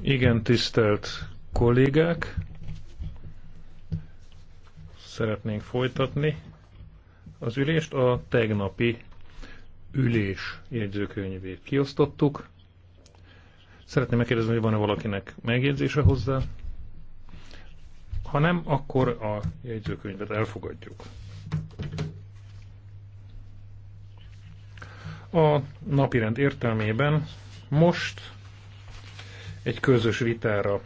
Igen, tisztelt kollégák! Szeretnénk folytatni az ülést. A tegnapi ülés jegyzőkönyvét kiosztottuk. Szeretném megkérdezni, hogy van-e valakinek megjegyzése hozzá. Ha nem, akkor a jegyzőkönyvet elfogadjuk. A napirend értelmében most egy közös vitára